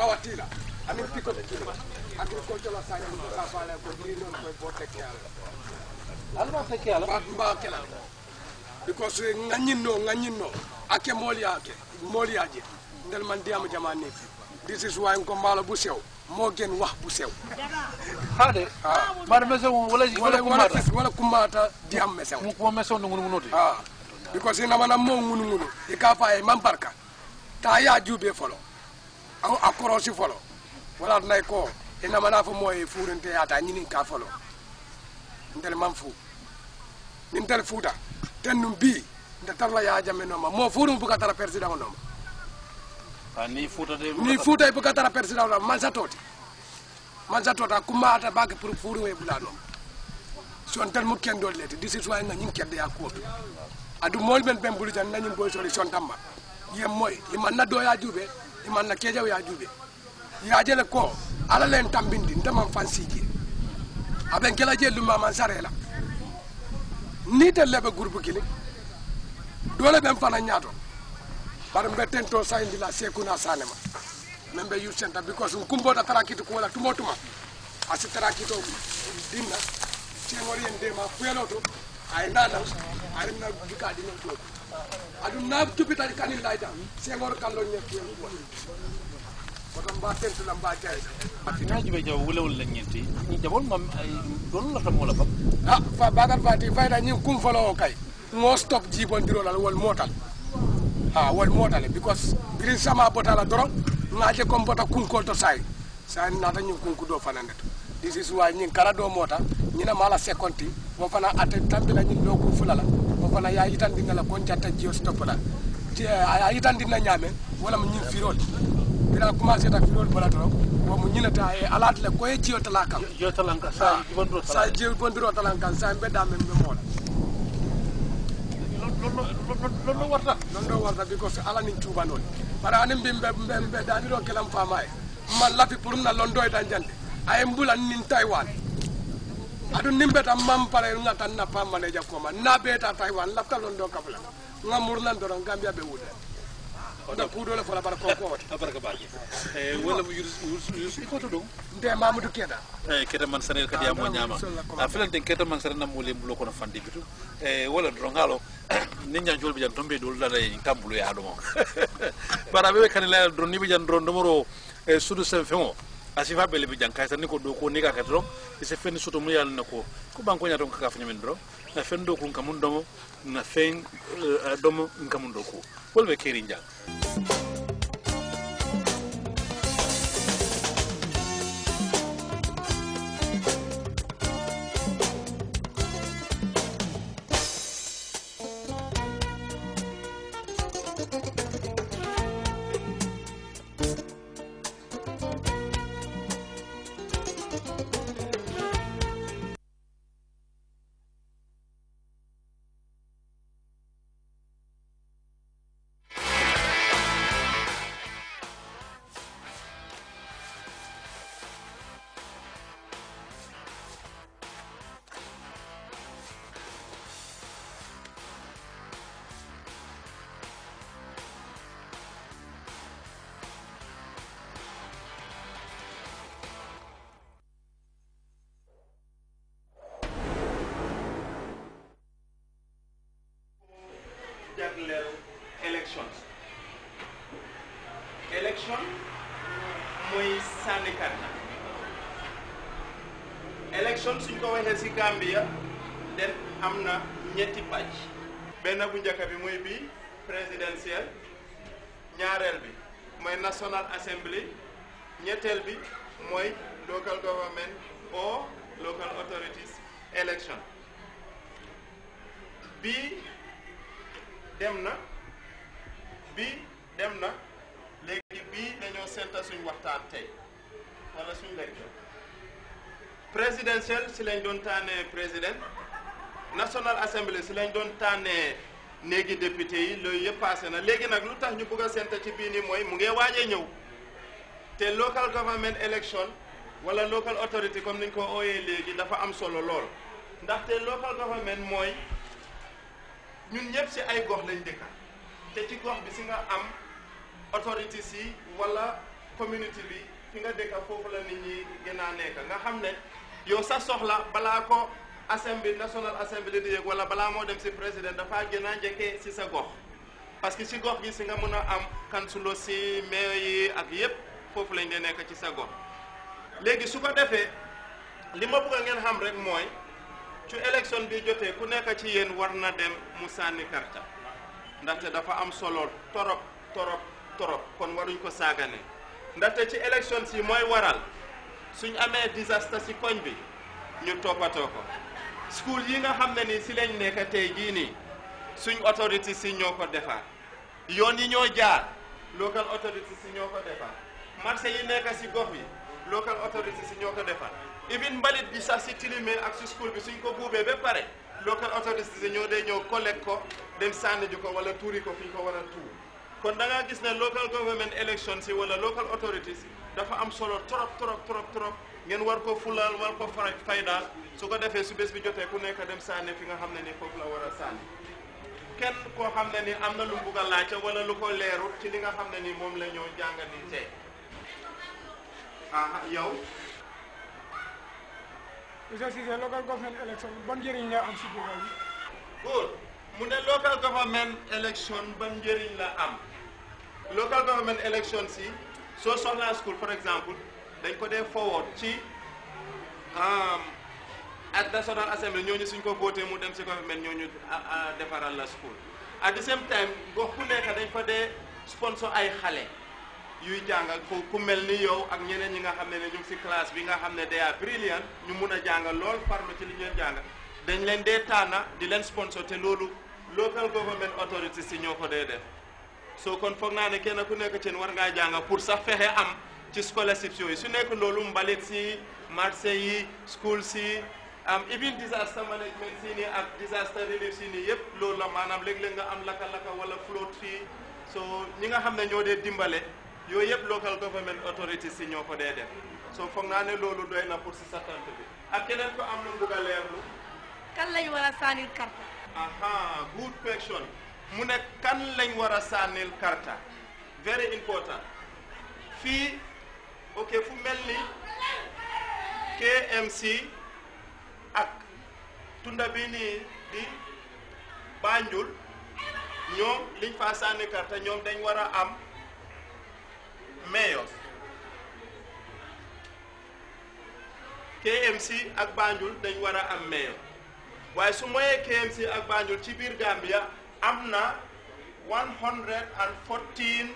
pawatila amin piko kila agricultural science ko ka fala ko ni non ko bo tekke ala alma tekke ala ba ba kala because nganyinno nganyinno ake moli bu sew moo gën wax bu sew ha de ah. bar mesew wala wala kumata wala kumata diam mesew ko mesew no ngunu noti ah because ina mana mo ngunu ngunu e ka fa e mambarka ta ya jube folo a korosi folo wala nay ko ina mana fo i e furinte ata nyinin ka folo ndel man fu min tel futa ten num bi nda tarla ya jame no ma mo furum buka tara president no ma ah, ni futa de ni futa buka tara e president no man satoti man satota kuma ata bak pour furum e bula no son tan mo ken dol lete disi soy nga nyin kedde ya ko adu mol ben ben bulu jan nanyim boy solution tamba yem moy iman na do ya manna keja ya jube ya jele ko ala len tambindi ndama fansiji aben kala je lumba man sarela ni te lebe groupe kili dole ben fana nyaato bar mbe tento sayndi la sekuna sanema men be yusenta because kumbo da tarakiti ko wala tumo tuma asi tarakito dinna cengori en dema kuelo to ay nana ay na dikadi to aɗum naabtubi tadi kanillaji tan sengoro kallo ñetti hen kuwa koto mba tentula mba jeyta ñaji ɓe jaw wulewol leññinti jabol mam ɗon lata moola bab a ah, fa bagar fati fayda ñin kumfalo o kay mo stop jiibodirolal wol motal ha ah, wol motale because green sama botala doron naaje comme bota kunkol to sayi sayi naata ñin kunkudo fanande to this is why ñin kala do mota ñina mala sekonti wo fana ate tambila ñin ɗo kono ya dina la koncanta jio stop la a dina ñaame wala mu ñin firol dina commencé ta firol bala to mu ñina ta ay e, alat le koy e jio tala jio tala kan sa jibondiro ah, tala sa jibondiro tala kan sa mbé da mo be mola lollo warta do warta fi ala nin cuubanol bara anin mbi mbe daniro kelam faama e ma lafi pour na londo dan jande aye mbulan nin taiwan aɗum nimbeta mampara nga tan nappa ko ma na beta taiwan lafta lon ɗon kafla nga murnan doron gambia ɓe wuude na kuuɗole fola bara konkowote abaraka yurs yurs mo yursi to do nde mamadou keda e keda man sanel kadi yamo nyama a filanten keda man sara nammo lembulo kono fandi bitu e ngalo doron nya jol jolɓe jan do la dolɗaɗa e ya do mo para be kane la do ni ɓe jan doron domoro e eh, sudu sen feŋ asifa bele bi janka tan ko do ko ni ka katro ise fen soto mu yalla nako ko banko nya ton ka fanya min bro na fen do ko kamun domo na fen domo kamun do ko wolbe keri njang mooy sànni carte élection suñ ko waxee si Gambia den am na ñetti pàcc benn bu njëkk bi mooy bii présidentiel ñaareel bi mooy national assembly ñetteel bi mooy local government or local authorities election bii dem na bii dem na léegi bii dañoo sénta suñ waxtaan tey wala suñ lecture présidentielle ci lañ doon tànnee président national assembly si lañ doon tànnee néegi député yi loolu yëpp passé na léegi nag lu tax ñu bëgg a ci bii nii mooy mu ngee waajee ñëw te local government election wala local authority comme niñ ko ooyee léegi dafa am solo lool ndaxte local government mooy ñun ñëpp si ay gox lañ dëkka te ci gox bi si nga am authorities wala community bi fi nga dekk fofu la nit ñi gëna nekk nga xamne yo yow sa soxla bala ko assembly national assembly di yëg wala bala mo dem si président dafa gëna a ci sa gox parce que ci gox gi si nga am kansulo si maire yi ak yépp fofu lañ dee nekk ci sa gox légui su ko défé li ma bëgg ngeen xam rek moy ci élection bi ku nekk ci yeen warna dem musani karta ndax dafa am solo torop torop torop kon waruñ ko saagane ndaxte ci élection si mooy waral suñ amee disaster si koñ bi ñu toppatoo ko school yi nga xam ne ni si lañ nekk tey jii nii suñ autorité si ñoo ko defar yoon yi ñoo jaar local autorité yi ñoo ko defar marché yi nekk si gox yi local autorité yi ñoo ko defar even mbalit bi sax si tilimee ak si school bi suñ ko buubee ba pare local autorité si ñoo dee ñëw collecte ko dem sànni ko wala tuuri ko fi ñu ko war a tuur kon da gis ne local government elections yi wala local authorities dafa am solo trop trop trop trop ngeen war ko fulaal war ko fay faydaal su ko defee su bés bi jotee ku nekk dem sànni fi nga xam ne ni foofu la war a sànni kenn koo xam ne ni am na lu mu bugg a laajte wala lu ko leeru ci li nga xam ne ni moom la ñoo jàngal ni tey ah yow. local government election ban njëriñ la si biir bi. mu ne local government election ban njëriñ la am. local government election si soo soxlaa school for example dañ ko dee forward ci um, at national assembly ñooñu suñ ko voté mu dem si government ñooñu defaral la school at the same time gox ku nekk dañ fa dee sponsor ay xale yuy jàngal ku ku mel ni yow ak ñeneen ñi nga xam ne ne ñu si classe bi nga xam ne they are brilliant ñu mun a jàngal lool farlu ci li ñuy dañ leen dee tànna di leen sponsor te loolu local government authorities si ñoo ko dee def soo kon foog naa ne kenn ku nekk ci war ngaa jàng pour sax fexe am ci scholarships yooyu su nekk loolu mbalit si marché yi school si am even disaster management si nii ak disaster relief si nii yëpp loolu la maanaam léeg-léeg nga am laka-laka wala flood fii so ñi nga xam ne ñoo dee dimbale yooyu yëpp local government authorities si ñoo ko dee def so foog naa ne loolu doy na pour si sa tant bi ak keneen ko am lu bugg a leerlu kan lañ war a saanil carte aha mu ne kan lañ war a sànnil karta very important fii ok fu mel ni KMC ak tunda bi nii di Banjul ñoom liñ faa sànni karta ñoom dañ war a am mayors KMC ak Banjul dañ war a am mayor waaye su moyee KMC ak Banjul ci biir Gambia am na 114